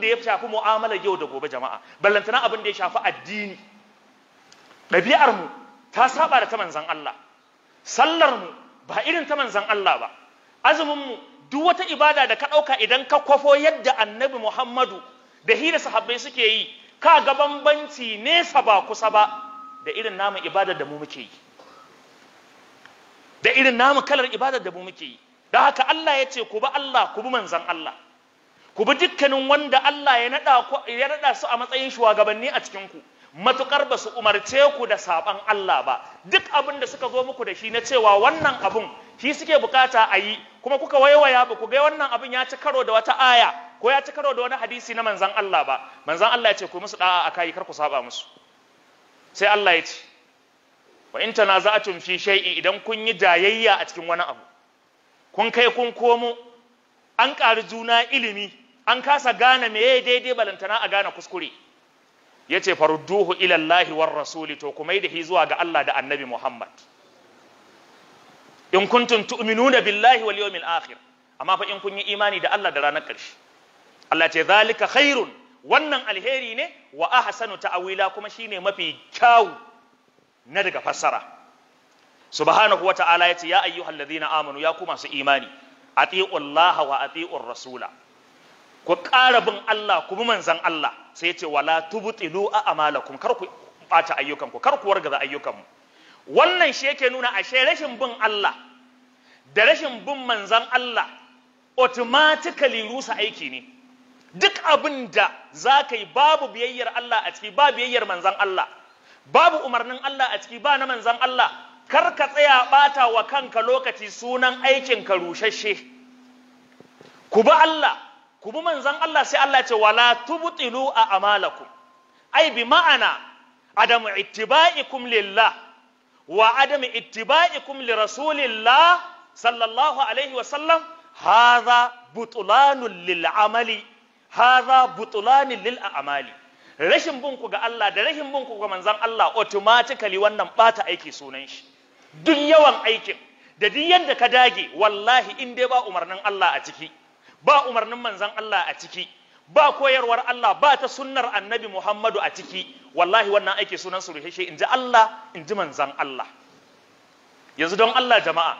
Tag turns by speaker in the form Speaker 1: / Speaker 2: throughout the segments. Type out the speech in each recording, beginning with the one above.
Speaker 1: da ya shafi mu'amalar yau da gobe jama'a ballantana abin da ya shafi addini ɗabi'ar mu ta saba da ta manzan Allah sallar mu ba irin ta manzan Allah ba azumin mu duk wata ibada da ka ɗauka idan ka kwafo yadda annabi Muhammadu da hira sahabbai suke yi ka ga bambanci nesa ba kusa ba da irin namu ibadar da mu muke yi da irin namu kalar ibadar da mu muke yi da haka Allah ya ce ku bi Allah ku bi manzon Allah ku bi dukkanin wanda Allah ya nada ya nada su a matsayin shugabanni a cikin ku matukar ba su umarce ku da saban Allah ba duk abin da suka zo muku da shi na cewa wannan abun shi suke bukata a yi kuma kuka waiwaya ba ku ga wannan abin ya ci karo da wata aya ko ya ci karo da wani hadisi na manzon Allah ba manzan Allah ya ce ku musu da'a akai kar ku saba musu sai Allah ya ce wa in tanaza'atum fi shay'in idan kun yi jayayya a cikin wani abu kun kai kun komo an ƙari juna ilimi an kasa gane meye daidai balantana a gane kuskure yace farudduhu ila war rasuli to kuma yi da hi zuwa ga Allah da Annabi Muhammad in kuntum tu'minuna billahi wal yawmil akhir amma fa in kun yi imani da Allah da ranar ƙarshe Allah ce zalika khairun wannan alheri ne wa ahsanu ta'wila kuma shine mafi kyau na daga fassara subhanahu wa ta'ala ce ya ayyuhalladhina amanu ya ku masu imani atiiu wa atiiur rasula ku ƙara bin Allah ku bi manzan Allah sai ce wala tubtilu a amalakum kar ku bata ku, kar ku wargaza ayyukanmu wannan shi yake nuna ashe rashin bin Allah da rashin bin manzan Allah automatically rusa aiki ne duk abin da za yi babu biyayyar Allah a ciki ba biyayyar manzan Allah babu umarnin Allah a ciki ba na manzan Allah kar ka tsaya ɓata wa kanka lokaci sunan aikin ka rushashe ku bi Allah ku bi manzon Allah sai Allah ce wala tubtilu a amalakum ai bi ma'ana adam ittiba'ikum lillah wa adam ittiba'ikum li rasulillah sallallahu alaihi wa sallam hadha butlanun lil amali hadha butlanun lil amali rashin bin ku ga Allah da rashin bin ku ga manzon Allah automatically wannan bata aiki sunan shi duk yawan aikin da duk yanda ka dage wallahi in dai ba umarnin Allah a ciki ba umarnin manzan Allah a ciki ba koyarwar Allah ba ta sunnar annabi Muhammadu a ciki wallahi wannan aiki sunan su inji in ji Allah Inji manzan Allah yanzu don Allah jama'a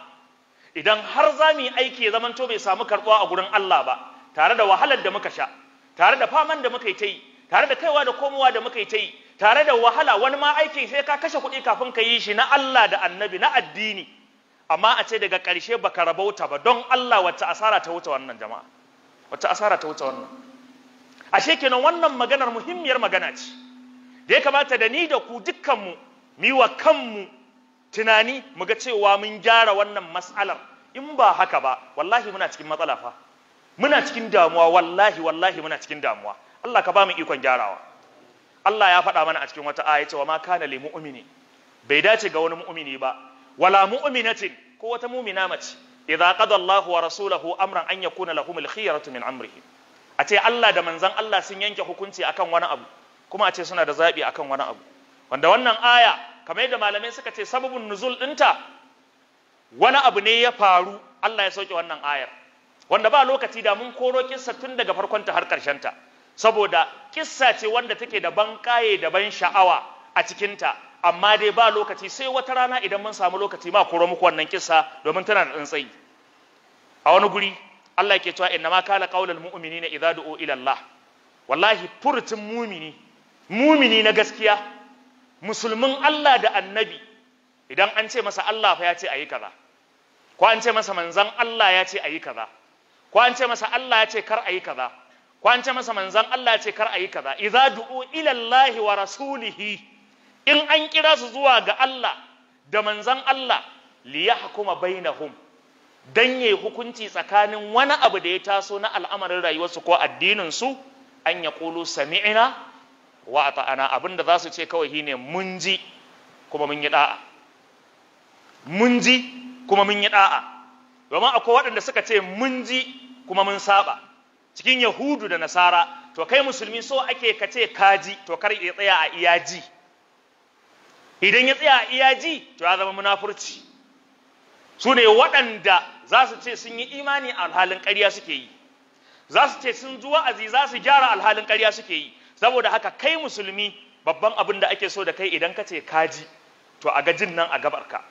Speaker 1: idan har za mu yi aiki ya zamanto bai samu karɓuwa a gurin Allah ba tare da wahalar da muka sha tare da faman da muka yi ta yi tare da kaiwa da komowa da muka yi ta yi tare da wahala wani ma aikin sai ka kashe kuɗi kafin ka yi shi na Allah da annabi na addini amma a ce daga ƙarshe baka rabauta ba don Allah wacce asara ta wuce wannan jama'a wata asara ta wuce wannan ashe kenan wannan maganar muhimmiyar magana ce da ya kamata da ni da ku dukkanmu mu wa kanmu tunani mu ga cewa mun gyara wannan matsalar in ba haka ba wallahi muna cikin matsala fa muna cikin damuwa wallahi wallahi muna cikin damuwa Allah ka ba mu ikon gyarawa Allah ya faɗa mana a cikin wata aya cewa ma kana lil mu'mini bai dace ga wani mu'mini ba wala mu'minatin ko wata mu'mina mace idza qada Allah wa rasulahu amran an yakuna lahumul khiyaratu min amrihi a ce Allah da manzon Allah sun yanke hukunci akan wani abu kuma a ce suna da zabi akan wani abu wanda wannan aya kamar yadda malamai suka ce sababin nuzul dinta wani abu ne ya faru Allah ya sauke wannan ayar wanda ba lokaci da mun koro kissa tun daga farkon ta har karshen ta saboda kissa ce wanda take da ban kaye da ban sha'awa a cikin ta amma dai ba lokaci sai wata rana idan mun samu lokaci ma koro muku wannan kissa domin tana da tsantsayi a wani guri Allah ke cewa inna ma kala qaulul mu'minina idza du'u ila Allah wallahi furtin mumini mumini na gaskiya musulmin Allah da annabi idan an ce masa Allah fa ya ce ayi kaza ko an ce masa manzan Allah ya ce ayi kaza ko an ce masa Allah ya ce kar ayi kaza ko an ce masa manzan Allah ya ce kar ayi kaza idza du'u ila Allah wa rasulihi in an kira su zuwa ga Allah da manzan Allah liyahkuma bainahum dan yayi hukunci tsakanin wani abu da ya taso na al'amarin rayuwarsu ko addinin su an ya kulu sami'na wa ata'ana abinda za su ce kawai shine mun ji kuma mun yi da'a mun ji kuma mun yi da'a domin akwai waɗanda suka ce mun ji kuma mun saba cikin yahudu da nasara to kai musulmi so ake ka ce kaji to kar ya tsaya a iyaji idan ya tsaya a iyaji to ya zama munafurci su ne waɗanda za su ce sun yi imani a alhalin ƙarya suke yi za su ce sun zuwa azi za su gyara alhalin ƙarya suke yi saboda haka kai musulmi babban abin da ake so da kai idan ka ce kaji to a gajin nan a gabarka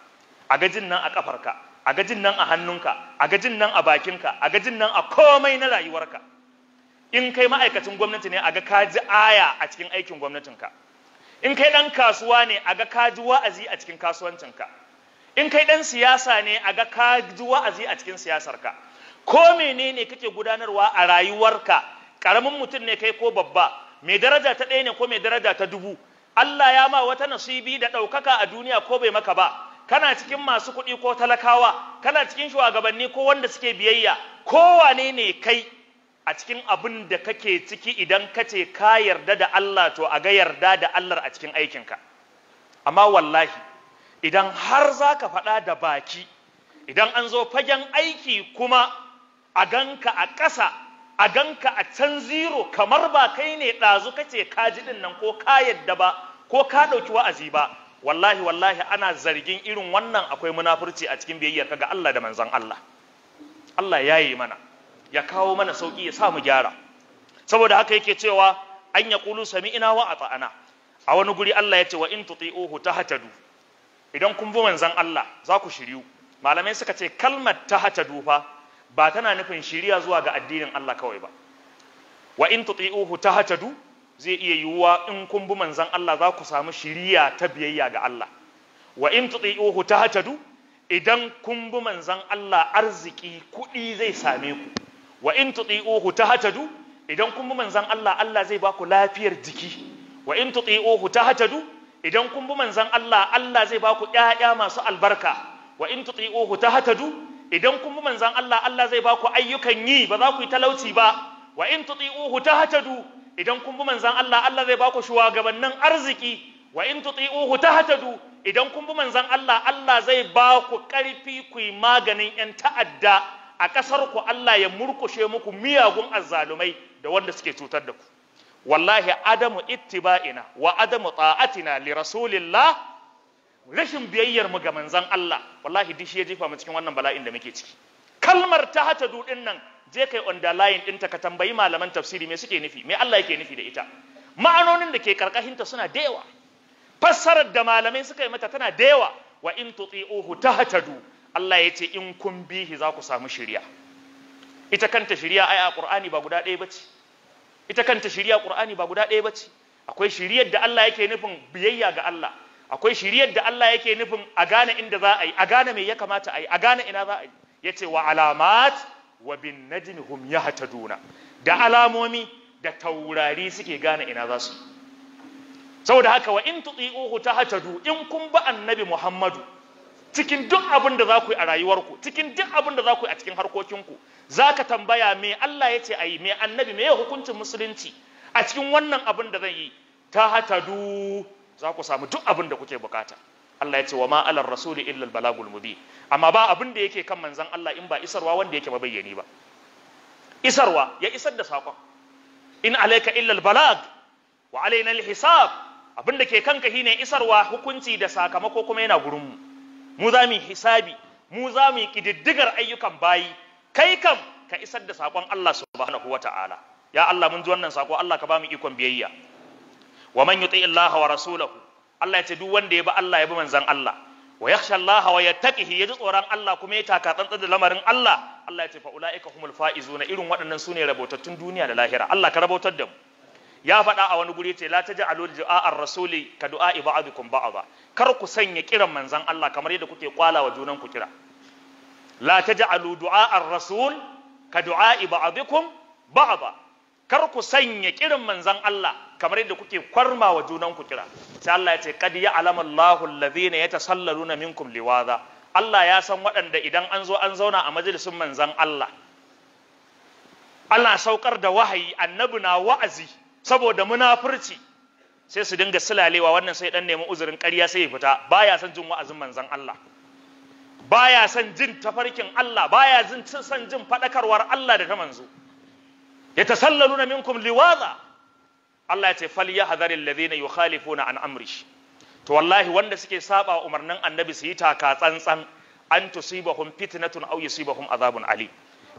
Speaker 1: a gajin nan a kafarka a gajin nan a hannunka a gajin nan a bakinka a gajin nan a komai na rayuwarka in kai ma'aikacin gwamnati ne a ga kaji aya a cikin aikin gwamnatinka in kai ɗan kasuwa ne a ga kaji wa'azi a cikin kasuwancinka in kai ɗan siyasa ne a ga ka ji wa'azi a cikin siyasar ka? ko menene kake gudanarwa a rayuwarka karamin mutum ne kai ko babba mai daraja ta ɗaya ne ko mai daraja ta dubu Allah ya ma wata nasibi da ɗaukaka a duniya ko bai maka ba kana cikin masu kuɗi ko talakawa kana cikin shugabanni ko wanda suke biyayya kowane ne kai a cikin abin da kake ciki idan ka ce ka yarda da Allah to a ga yarda da Allah a cikin aikinka amma wallahi idan har za ka faɗa da baki idan an zo fagen aiki kuma a ganka a ƙasa a ganka a can zero kamar ba kai ne ɗazu kace ka ji ɗin nan ko ka yadda ba ko ka ɗauki wa'azi ba wallahi wallahi ana zargin irin wannan akwai munafurci a cikin biyayyar ga Allah da manzan Allah Allah ya yi mana ya kawo mana sauki ya sa mu gyara saboda haka yake cewa an ya ƙulu sami ina wa a ta'ana a wani guri Allah ya ce wa in ta tahtadu idan kun bi Allah za ku shiryu malamai suka ce kalmar ta hata dufa ba tana nufin shirya zuwa ga addinin Allah kawai ba wa in tuti'uhu ta hata du zai iya yiwuwa in kun bi manzan Allah za ku samu shirya ta biyayya ga Allah wa in tuti'uhu ta hata du idan kun bi manzan Allah arziki kuɗi zai same ku wa in tuti'uhu ta hata du idan kun bi manzan Allah Allah zai ba ku lafiyar jiki wa in tuti'uhu ta hata du idan kun bi manzan Allah Allah zai ba ku ƴaƴa masu albarka wa in tuti'uhu tahtadu idan kun bi manzan Allah Allah zai ba ku ayyukan yi ba za ku yi talauci ba wa in tuti'uhu tahtadu idan kun bi manzan Allah Allah zai ba ku shugabannin arziki wa in tuti'uhu tahtadu idan kun bi manzan Allah Allah zai ba ku ƙarfi ku yi maganin ƴan ta'adda a ƙasar ku Allah ya murkushe muku miyagun azzalumai da wanda suke cutar da ku wallahi adamu ittiba'ina wa adamu ta'atina li rasulillah rashin biyayyar mu ga manzon Allah wallahi dishi shi ya jefa mu cikin wannan bala'in da muke ciki kalmar ta hata dudin nan je kai underline ɗinta ka tambayi malaman tafsiri me suke nufi me Allah yake nufi da ita ma'anonin da ke karkashinta suna da yawa fassarar da malamai suka yi mata tana da yawa wa in tuti'uhu tahtadu Allah ya ce in kun bihi za ku samu shirya. ita kanta shirya ai a Qur'ani ba guda ɗaya bace ita kanta shiriya qur'ani ba guda ɗaya bace akwai shiriyar da Allah yake nufin biyayya ga Allah akwai shiriyar da Allah yake nufin a gane inda za a yi a gane me ya kamata a yi a gane ina za a yi yace wa alamat wa bin najmi hum yahtaduna da alamomi da taurari suke gane ina za su saboda haka wa in tuti'uhu tahtadu in kun ba annabi Muhammadu cikin duk abin da za ku yi a rayuwarku cikin duk abin da za ku yi a cikin harkokinku za ka tambaya me Allah ya ce a yi me annabi me hukuncin musulunci a cikin wannan abin da zan yi ta hata du za ku samu duk abin da kuke bukata Allah ya ce wa ma rasuli illa al balagul mubi amma ba abin da yake kan manzan Allah in ba isarwa wanda yake mabayyani ba isarwa ya isar da sakon in alayka illa al balag wa alaina al hisab abin da ke kanka shine isarwa hukunci da sakamako kuma yana gurin mu mu za mu hisabi mu za mu ƙididdigar ayyukan bayi kai kam ka isar da saƙon Allah subhanahu wa ta'ala ya Allah mun ji wannan saƙo Allah ka ba mu ikon biyayya wa man yuti Allah wa rasulahu Allah ya ce duk wanda ya bi Allah ya bi manzan Allah wa yakhsha Allah wa ya ji tsoron Allah kuma ya taka tsantsan da lamarin Allah Allah ya ce fa ulaika humul na irin waɗannan sune rabotattun duniya da lahira Allah ka rabotar da mu ya faɗa a wani guri ce la taj'alu du'a'ar rasuli ka du'a'i ba'dikum ba. kar ku sanya kiran manzon Allah kamar yadda kuke kwala wa junan ku kira la taj'alu du'a ar-rasul ka du'a ba'dikum ba'da kar ku sanya kirin manzon Allah kamar yadda kuke kwarma wa junan ku kira sai Allah ya ce ya ta Allahu alladhina yatasallaluna minkum liwaza Allah ya san waɗanda idan an zo an zauna a majalisin manzan Allah Allah saukar da wahayi annabi na wa'azi saboda munafurci sai su dinga silalewa wannan sai dan nemi uzurin ƙarya sai ya fita baya son jin wa'azin manzan Allah baya son jin tafarkin Allah baya jin son jin fadakarwar Allah da ta manzo yatasallaluna minkum liwaza Allah ya ce falyahdhar alladhina yukhalifuna an amrihi to wallahi wanda suke saba umarnin annabi su yi taka tsantsan an tusibahum fitnatun aw yusibahum azabun ali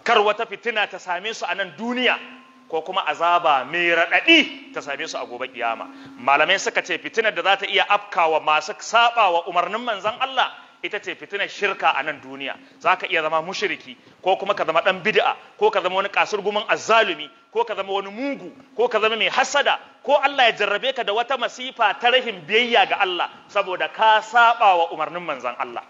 Speaker 1: kar wata fitina ta same su a nan duniya ko kuma azaba mai raɗaɗi ta same su a gobe kiyama malamai suka ce fitinar da za ta iya afkawa masu saba wa umarnin manzon Allah ita ce fitinar shirka a nan duniya za ka iya zama mushiriki ko kuma ka zama ɗan bid'a ko ka zama wani kasurgumin azzalumi ko ka zama wani mugu ko ka zama mai hasada ko Allah ya jarrabe ka da wata masifa ta rahin biyayya ga Allah saboda ka saba wa umarnin manzon Allah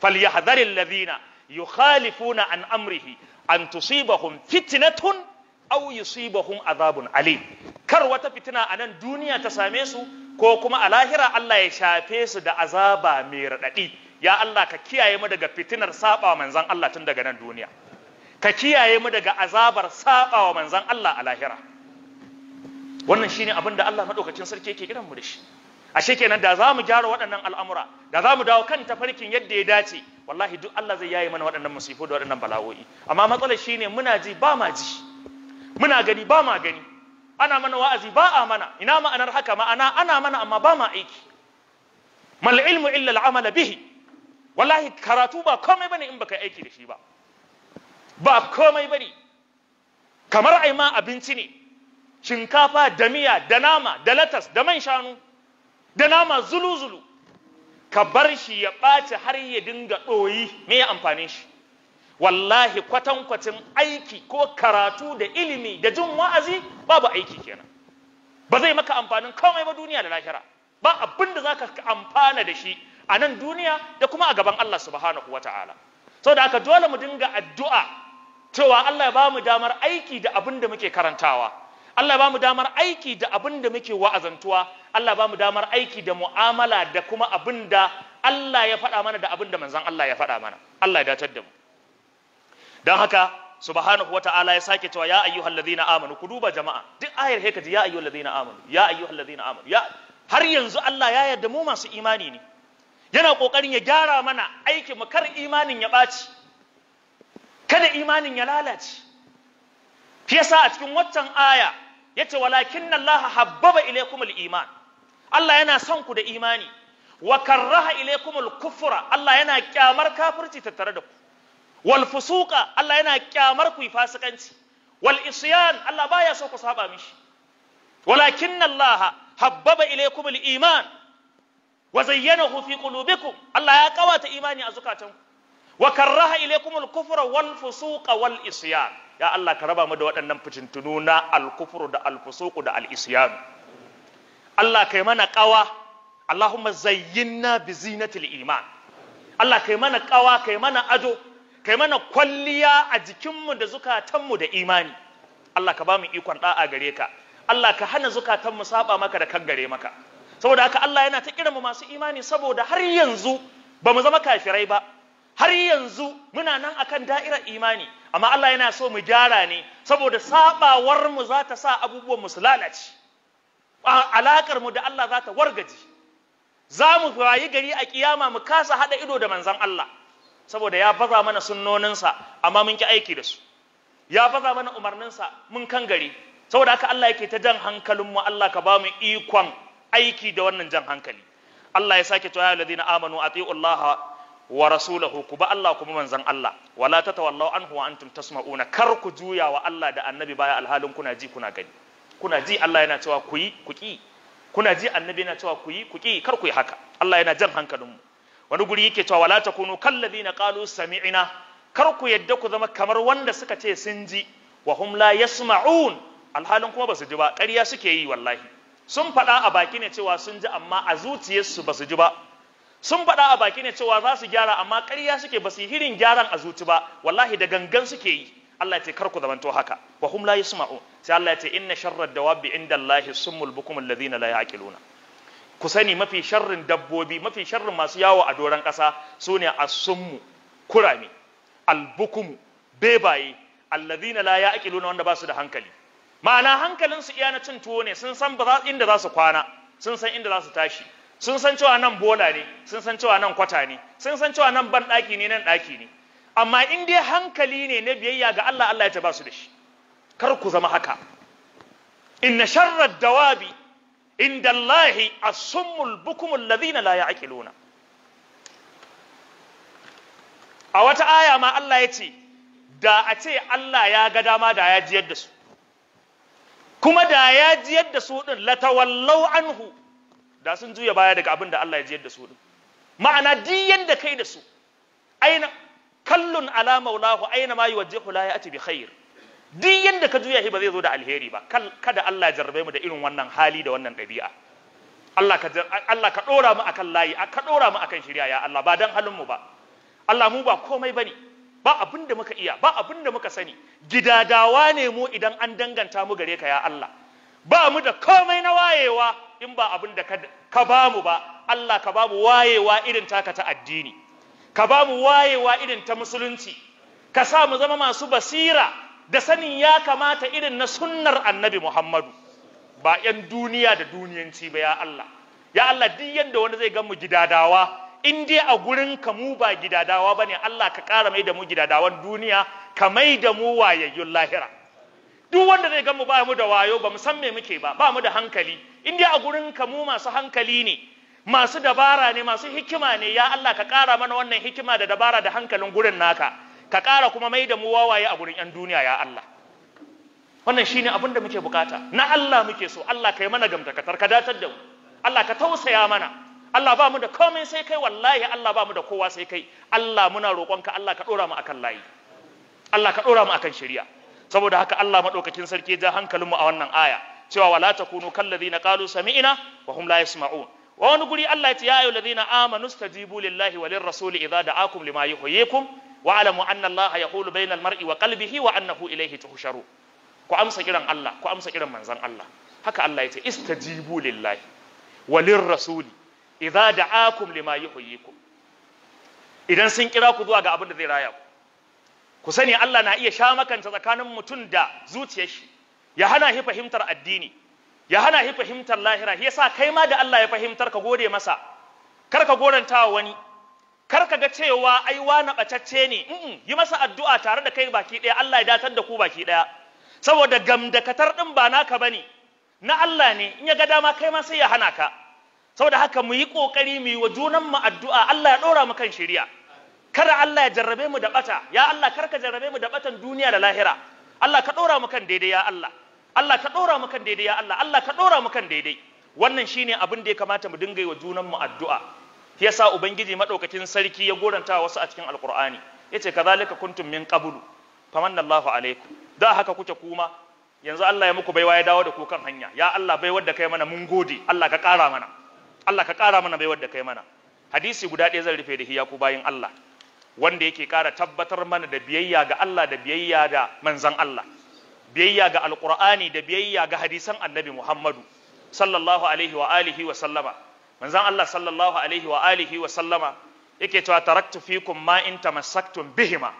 Speaker 1: falyahdharil ladina yukhalifuna an amrihi an tusibahum fitnatun aw yusibahum adhabun alim kar wata fitina a nan duniya ta same su ko kuma a lahira Allah ya shafe su da azaba mai raɗaɗi ya Allah ka kiyaye mu daga fitinar saba manzan Allah tun daga nan duniya ka kiyaye mu daga azabar saba wa manzan Allah a lahira wannan shine abin da Allah madaukakin sarki yake kiran mu da shi ashe kenan da za mu gyara waɗannan al'amura da za mu dawo kan tafarkin yadda ya dace wallahi duk Allah zai yaye mana waɗannan musifu da waɗannan bala'o'i amma matsalar shine muna ji ba ma ji muna gani ba ma gani ana mana wa'azi ba a mana ina ma'anar haka ma'ana ana mana amma ba ma aiki mal ilmu illa al'amala bihi wallahi karatu ba komai bane in baka aiki da shi ba ba komai bane kamar ai ma abinci ne shinkafa da miya da nama da latas da man shanu da nama zulu-zulu ka bar shi ya ɓaci har ya dinga ɗoyi me ya amfani shi wallahi kwatankwacin aiki ko karatu da ilimi da jin wa'azi babu aiki kenan ba zai maka amfanin komai ba duniya da lahira ba abinda da za ka amfana da shi a nan duniya da kuma a gaban Allah subhanahu wata'ala saboda aka dole mu dinga addu'a cewa Allah ya ba mu damar aiki da abin da muke karantawa Allah ya ba mu damar aiki da abin da muke wa'azantuwa Allah ya ba mu damar aiki da mu'amala da kuma abin da Allah ya faɗa mana da abin da manzon Allah ya faɗa mana Allah ya dacar da mu don haka subhanahu ta'ala ya sake cewa ya ayyuhal ladina amanu ku duba jama'a duk ayar heka ji ya ayyuhal ladina amanu ya ayyuhal ladina amanu ya har yanzu Allah ya yarda mu masu imani ne yana ƙoƙarin ya gyara mana aiki mu kar imanin ya ɓaci kada imanin ya lalace fi a cikin waccan aya yace walakin Allah habbaba ilaykum iman Allah yana son ku da imani wa karraha ilaykum kufra Allah yana kyamar kafirci tattare da ku wal fusuka, Allah yana kyamar ku fasikanci wal isyan Allah baya so ku saba mishi walakin Allah habbaba ilaykum iman wa zayyanahu fi qulubikum Allah ya kawata imani a zukatanku wa karraha al kufra wal fusuqa wal isyan ya Allah ka raba mu da waɗannan fitintunu na al kufru da al fusuqu da al isyan Allah kai mana kawa Allahumma zayyinna bi zinatil iman Allah kai mana kawa kai mana ado kai mana kwalliya a jikinmu da zukatanmu da imani Allah ka ba mu ikon da'a gare ka Allah ka hana zukatanmu saba maka da kan gare maka saboda haka Allah yana ta mu masu imani saboda har yanzu ba mu zama kafirai ba har yanzu muna nan akan da'irar imani amma Allah yana so mu gyara ne saboda sabawar mu za ta sa abubuwan mu lalace alakar mu da Allah za ta wargaji za mu rayu gari a kiyama mu kasa hada ido da manzon Allah saboda ya baza mana sunnoninsa amma mun ki aiki da su ya baza mana umarninsa mun kan gari saboda haka Allah yake ta jan hankalin mu Allah ka ba mu ikon aiki da wannan jan hankali Allah ya sake cewa ladina amanu ati'u Allah wa rasulahu ku ba Allah kuma manzon Allah wala tatawallaw anhu wa antum tasma'una kar ku juya wa Allah da annabi baya alhalin kuna ji kuna gani kuna ji Allah yana cewa ku yi ku ki kuna ji annabi yana cewa ku yi ku ki kar ku yi haka Allah yana jan hankalin mu wani guri yake cewa wala takunu ladina qalu sami'na kar ku yadda ku zama kamar wanda suka ce sun ji wa hum la yasma'un alhalin kuma ba su ji ba ƙarya suke yi wallahi sun faɗa a baki ne cewa sun ji amma a zuciyarsu ba su ji ba sun faɗa a baki ne cewa za su gyara amma ƙarya suke ba su yi hirin gyaran a zuci ba wallahi da gangan suke yi Allah ya ce kar ku zamanto haka wa hum la yasma'u sai Allah ya ce inna sharrad dawabi indallahi summul bukum alladhina la yaqiluna ku sani mafi sharrin dabbobi mafi sharrin masu yawo a doran ƙasa sune as-summu kurami al-bukum bebaye alladhina la yaqiluna wanda ba su da hankali ma'ana hankalin su iya na cin tuwo ne sun san inda za su kwana sun san inda za su tashi sun san cewa nan bola ne sun san cewa nan kwata ne sun san cewa nan ban ɗaki ne nan ɗaki ne amma in dai hankali ne na biyayya ga Allah Allah ya ta ba su da shi kar ku zama haka inna sharrad dawabi inda Allahi as-summul bukumul ladina la ya'qiluna a wata aya ma Allah ya ce da a ce Allah ya ga dama da ya jiyar da su kuma da ya jiyar da su din latawallau anhu da sun juya baya daga abin da Allah ya jiyar da su din ma'ana duk yanda kai da su aina kallun ala maulahu aina ma yuwajjihu la ya'ti bi khair duk yanda ka juya shi ba zai zo da alheri ba kada Allah ya jarrabe mu da irin wannan hali da wannan ɗabi'a Allah ka Allah ka dora mu akan layi ka dora mu akan shirya ya Allah ba dan halin mu ba Allah mu ba komai bane ba abin da muka iya ba abin da muka sani gidadawa ne mu idan an danganta mu gare ka ya Allah ba mu da komai na wayewa in ba abin da ka ba mu ba Allah ka ba mu wayewa irin taka ta addini ka ba mu wayewa irin ta musulunci ka sa mu zama masu basira da sanin ya kamata irin na sunnar annabi Muhammadu ba 'yan duniya da duniyanci ba ya Allah ya Allah duk yadda wani zai gan mu gidadawa in a gurin ka mu ba gidadawa bane Allah ka ƙara mai da mu gidadawan duniya ka mai da mu wayayyun lahira duk wanda zai gan mu ba mu da wayo ba mu san me muke ba ba mu da hankali in a gurin ka mu masu hankali ne masu dabara ne masu hikima ne ya Allah ka ƙara mana wannan hikima da dabara da hankalin gurin naka ka ƙara kuma mai da mu wawaye a gurin 'yan duniya ya Allah wannan shine abin da muke bukata na Allah muke so Allah ka yi mana gamtakatar ka datar da mu Allah ka tausaya mana Allah ba mu da komai sai kai wallahi Allah ba mu da kowa sai kai Allah muna roƙonka Allah ka ɗora mu akan layi Allah ka ɗora mu akan shari'a saboda haka Allah maɗaukakin sarki ja hankalin mu a wannan aya cewa wala takunu kallazina qalu sami'na wa hum la yasma'un wa wani guri Allah ya ce ya ayu ladina amanu stajibu lillahi walir lirrasuli idza da'akum lima yuhyikum wa alamu anna Allah yahulu bainal mar'i wa qalbihi wa annahu ilayhi tuhsharu ku amsa kiran Allah ku amsa kiran manzon Allah haka Allah ya ce istajibu lillahi wa rasuli. idza da'akum lima yuhyikum idan sun kira ku zuwa ga abin da zai raya ku ku sani Allah na iya sha makanta tsakanin mutum da zuciyar shi ya hana shi fahimtar addini ya hana shi fahimtar lahira shi yasa kai ma da Allah ya fahimtar ka gode masa kar ka goranta wani kar ka ga cewa ai wani bacacce ne mm yi masa addu'a tare da kai baki daya Allah ya datar da ku baki daya saboda gamdakatar din ba naka bane na Allah ne in ya ga dama kai ma sai ya hana ka saboda haka mu yi ƙoƙari mu yi wa junanmu addu'a Allah ya ɗora mu kan shari'a kada Allah ya jarrabe mu da ɓata. ya Allah kar ka jarrabe mu da ɓatan duniya da lahira Allah ka ɗora mu kan daidai ya Allah Allah ka ɗora mu kan daidai ya Allah Allah ka ɗora mu kan daidai wannan shine abin da ya kamata mu dinga yi wa junanmu addu'a yasa ubangiji madaukakin sarki ya goranta wasu a cikin alqur'ani yace kazalika kuntum min qablu famanallahu alaikum da haka kuke kuma yanzu Allah ya muku baiwa ya dawo da ku kan hanya ya Allah baiwar da kai mana mun gode Allah ka kara mana Allah ka ƙara mana baiwar da kai mana hadisi guda ɗaya zan rufe da hiya ku bayin Allah wanda yake ƙara tabbatar mana da biyayya ga Allah da biyayya da manzan Allah biyayya ga Alqur'ani da biyayya ga hadisan annabi Muhammadu sallallahu alaihi wa alihi wa sallama manzan Allah sallallahu alaihi wa alihi wa sallama yake cewa taraktu fikum ma in tamassaktum bihima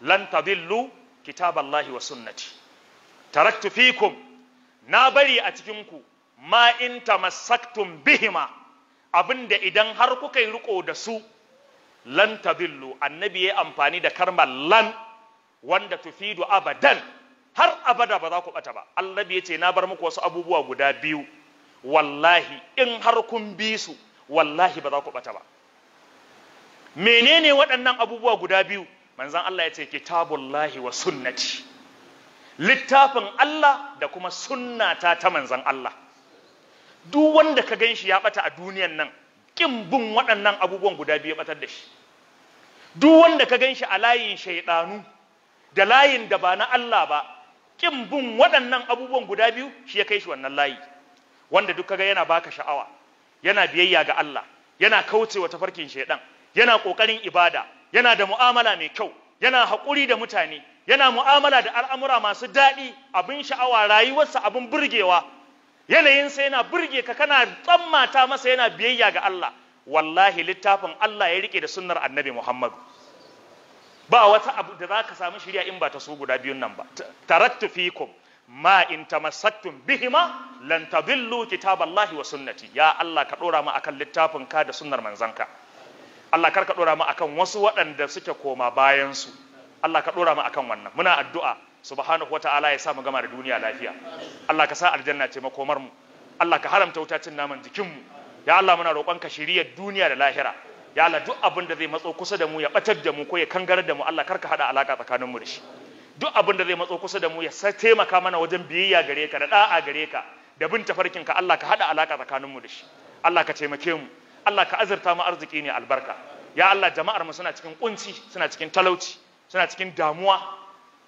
Speaker 1: lan tadillu kitaballahi wa sunnati taraktu fikum na bari a cikin ku ma in tamassaktum bihima abinda idan har kuka yi riko da su lan tadillu annabi ya amfani da karman lan wanda tufidu abadan har abada ba za ku bata ba annabi ya ce na bar muku wasu abubuwa guda biyu wallahi in har kun bi su wallahi ba za ku bata ba menene waɗannan abubuwa guda biyu manzon Allah ya ce kitabullahi wa sunnati littafin Allah da kuma sunnata ta manzon Allah duk wanda ka gan shi ya bata a duniyan nan kin bin waɗannan abubuwan guda biyu batar da shi duk wanda ka gan shi a layin shaidanu da layin da ba na Allah ba kin bin waɗannan abubuwan guda biyu shi ya kai shi wannan layi wanda duk kaga yana baka sha'awa yana biyayya ga Allah yana kaucewa tafarkin shaidan yana kokarin ibada yana da mu'amala mai kyau yana haƙuri da mutane yana mu'amala da al'amura masu daɗi abin sha'awa rayuwarsa abin burgewa yanayinsa yana burge ka kana tsammata masa yana biyayya ga Allah wallahi littafin Allah ya rike da sunnar annabi Muhammadu. ba wata abu da za ka samu shirya in ba ta su guda biyun nan ba tarattu fikum ma in tamassattum bihima lan tadillu kitaballahi wa sunnati ya Allah ka dora mu akan littafin ka da sunnar manzanka Allah kar ka dora mu akan wasu waɗanda suke koma bayan su Allah ka dora mu akan wannan muna addu'a subhanahu wata'ala ya sa mu gama da duniya lafiya Allah ka sa aljanna ce makomar mu Allah ka haramta wuta cin naman jikin mu ya Allah muna roƙon ka shiriyar duniya da lahira ya Allah duk abin da zai matso kusa da mu ya batar da mu ko ya kangarar da mu Allah kar hada alaka tsakanin mu da shi duk abin da zai matso kusa da mu ya taimaka mana wajen biyayya gare ka da da'a gare ka da bin tafarkin ka Allah ka hada alaka tsakanin mu da shi Allah ka taimake mu Allah ka azurta mu arziki ne albarka ya Allah jama'ar mu suna cikin kunci suna cikin talauci suna cikin damuwa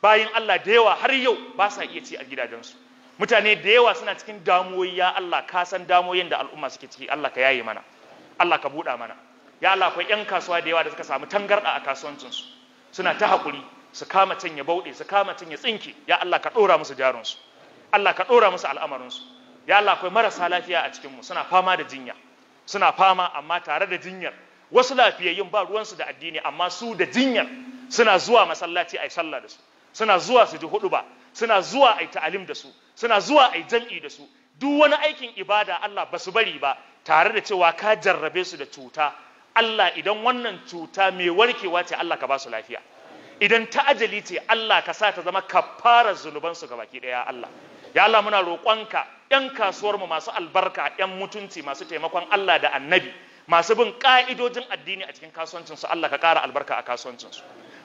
Speaker 1: Bayan Allah da yawa har yau ba sa iya ci a gidajensu mutane da yawa suna cikin damuwoyi ya Allah ka san damuwoyin da al'umma suke ciki Allah ka yaye mana Allah ka buɗa mana ya Allah akwai ƴan kasuwa da yawa da suka samu tangarɗa a kasuwancinsu suna ta haƙuri su kama can ya bauɗe su kama can ya tsinke ya Allah ka ɗora musu jarunsu. Allah ka ɗora musu al'amarinsu ya Allah akwai marasa lafiya a cikinmu suna fama da jinya suna fama amma tare da jinyar wasu lafiyayyun ba ruwansu da addini amma su da jinyar suna zuwa masallaci a yi sallah da su suna zuwa su ji hudu ba suna zuwa ai ta'alim da su suna zuwa ai jam'i da su duk wani aikin ibada Allah ba su bari ba tare da cewa ka jarrabe su da cuta Allah idan wannan cuta mai warkewa ce Allah ka ba su lafiya idan ta ajali ce Allah ka sa ta zama kafarar zunubansu ga gabaki daya Allah ya Allah muna roƙonka 'yan kasuwarmu masu albarka 'yan mutunci masu taimakon Allah da annabi masu bin ƙa'idojin addini a cikin kasuwancinsu Allah ka ƙara albarka a kasuwancinsu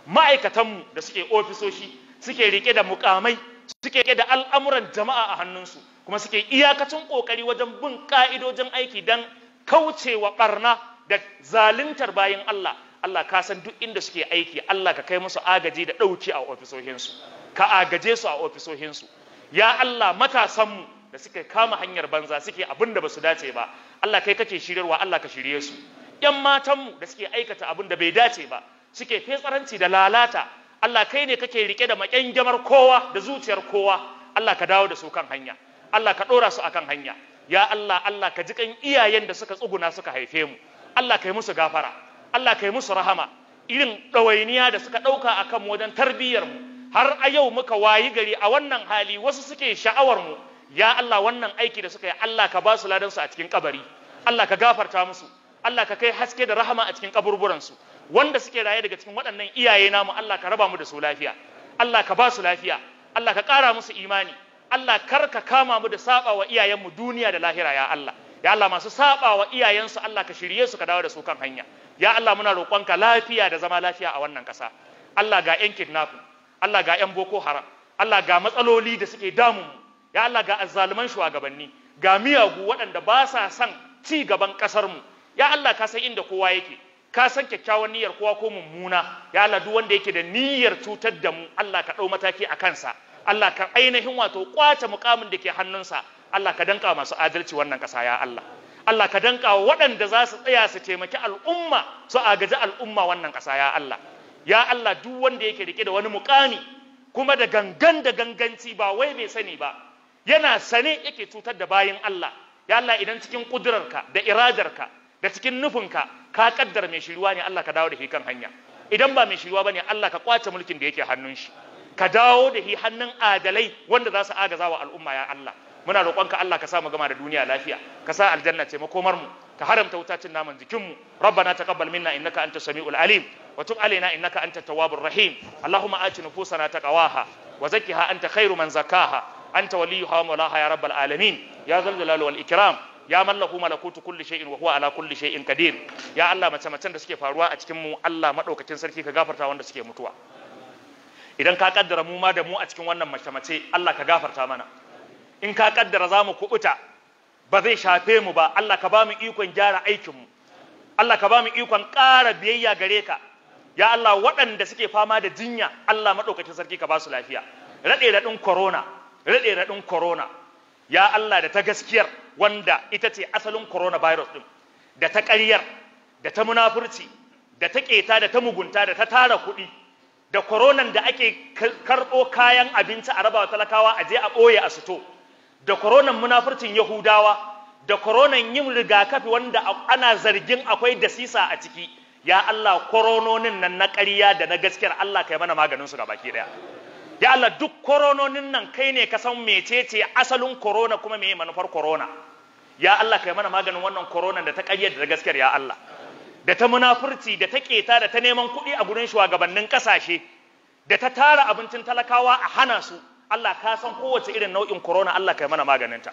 Speaker 1: ma'aikatanmu da suke ofisoshi suke rike da mukamai suke rike da al'amuran jama'a a hannunsu kuma suke iyakacin kokari wajen bin ka'idojin aiki don kaucewa barna da zaluntar bayan Allah Allah ka san duk inda suke aiki Allah ka kai musu agaji da ɗauki a ofisohinsu ka agaje su a ofisohinsu ya Allah matasanmu da suke kama hanyar banza suke abinda da ba su dace ba Allah kai kake shiryarwa Allah ka shirye su ‘yan matanmu da suke aikata abin da bai dace ba suke fetsaranci da lalata Allah kai ne kake rike da maƙyangyamar kowa da zuciyar kowa Allah ka dawo da su kan hanya Allah ka ɗora su akan hanya ya Allah Allah ka jikan iyayen da suka tsuguna suka haife mu Allah ka musu gafara Allah ka musu rahama irin ɗawainiya da suka ɗauka akan wajen tarbiyyar mu har a yau muka wayi gari a wannan hali wasu suke sha'awar mu ya Allah wannan aiki da suka yi Allah ka ba su ladan su a cikin kabari Allah ka gafarta musu Allah ka kai haske da rahama a cikin kaburburansu wanda suke raye daga cikin waɗannan iyaye namu Allah ka raba mu da su lafiya Allah ka ba su lafiya Allah ka ƙara musu imani Allah kar ka kama mu da saba wa iyayenmu duniya da lahira ya Allah ya Allah masu saba wa iyayensu Allah ka shirye su ka dawo da su kan hanya ya Allah muna roƙonka lafiya da zama lafiya a wannan ƙasa Allah ga ƴan kidnapping Allah ga ƴan boko haram Allah ga matsaloli da suke damu ya Allah ga azzaluman shugabanni ga miyagu waɗanda ba sa son ci gaban ƙasarmu ya Allah ka san inda kowa yake ka san kyakkyawan niyyar kowa ko mummuna ya Allah duk wanda yake da niyyar cutar da mu Allah ka dau mataki a kansa Allah ka ainihin wato kwace mukamin da ke hannunsa Allah ka danka masu adalci wannan kasa ya Allah Allah ka danka waɗanda za su tsaya su taimaki al'umma su agaji al'umma wannan kasa ya Allah ya Allah duk wanda yake rike da wani mukami kuma da gangan da ganganci ba wai bai sani ba yana sane yake cutar da bayin Allah ya Allah idan cikin kudurarka da iradarka da cikin nufinka ka kaddara mai shiriwa ne Allah ka dawo da shi kan hanya idan ba mai shiriwa bane Allah ka kwace mulkin da yake hannun shi ka dawo da shi hannun adalai wanda za su agaza wa al'umma ya Allah muna roƙonka Allah ka sa mu gama da duniya lafiya ka sa aljanna ce makomar mu ka haramta wutacin naman jikin mu rabbana taqabbal minna innaka antas samiul alim wa tub alaina innaka antat tawwabur rahim allahumma ati nufusana taqwaha wa zakkiha anta khairu man zakkaha anta waliyuha wa mawlaha ya rabbal alamin ya zal jalali wal ikram ya mallahu malakutu kulli shay'in wa huwa ala kulli shay'in qadir ya Allah mace macen da suke faruwa a cikin mu Allah madaukakin sarki ka gafarta wanda suke mutuwa idan ka kaddara mu ma da mu a cikin wannan mace mace Allah ka gafarta mana in ka kaddara zamu kubuta ba zai shafe mu ba Allah ka ba ikon gyara aikin mu Allah ka ba ikon ƙara biyayya gare ka ya Allah waɗanda suke fama da jinya Allah madaukakin sarki ka ba su lafiya raɗe raɗin corona raɗe raɗin corona ya Allah da ta gaskiyar wanda ita ce asalin coronavirus din da ta ƙaryar da ta munafurci da ta ƙeta da ta mugunta da ta tara kuɗi da koronan da ake karɓo kayan abinci a rabawa talakawa a je a ɓoye a sito da koronan munafurcin yahudawa da koronan yin rigakafi wanda ana zargin akwai da sisa a ciki ya Allah korononin nan na ƙarya da na gaskiyar Allah kai mana maganin su ga baki ɗaya ya Allah duk korononin nan kai ne ka san mecece asalin korona kuma meye manufar korona ya Allah kai mana maganin wannan korona da ta ƙaryar da gaskiyar ya Allah da ta munafurci da ta keta da ta neman kuɗi a gurin shugabannin ƙasashe da ta tara abincin talakawa a hana su Allah ka san kowace irin nau'in korona Allah kai mana maganinta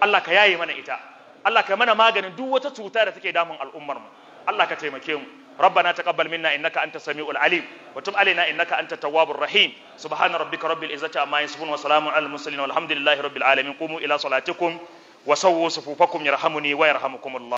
Speaker 1: Allah ka yaye mana ita Allah kai mana maganin duk wata cuta da take damun al'ummar mu Allah ka taimake mu ربنا تقبل منا إنك أنت السميع العليم وتب علينا إنك أنت التواب الرحيم سبحان ربك رب العزة عما يصفون وسلام على المرسلين والحمد لله رب العالمين قوموا إلى صلاتكم وسووا صفوفكم يرحمني ويرحمكم الله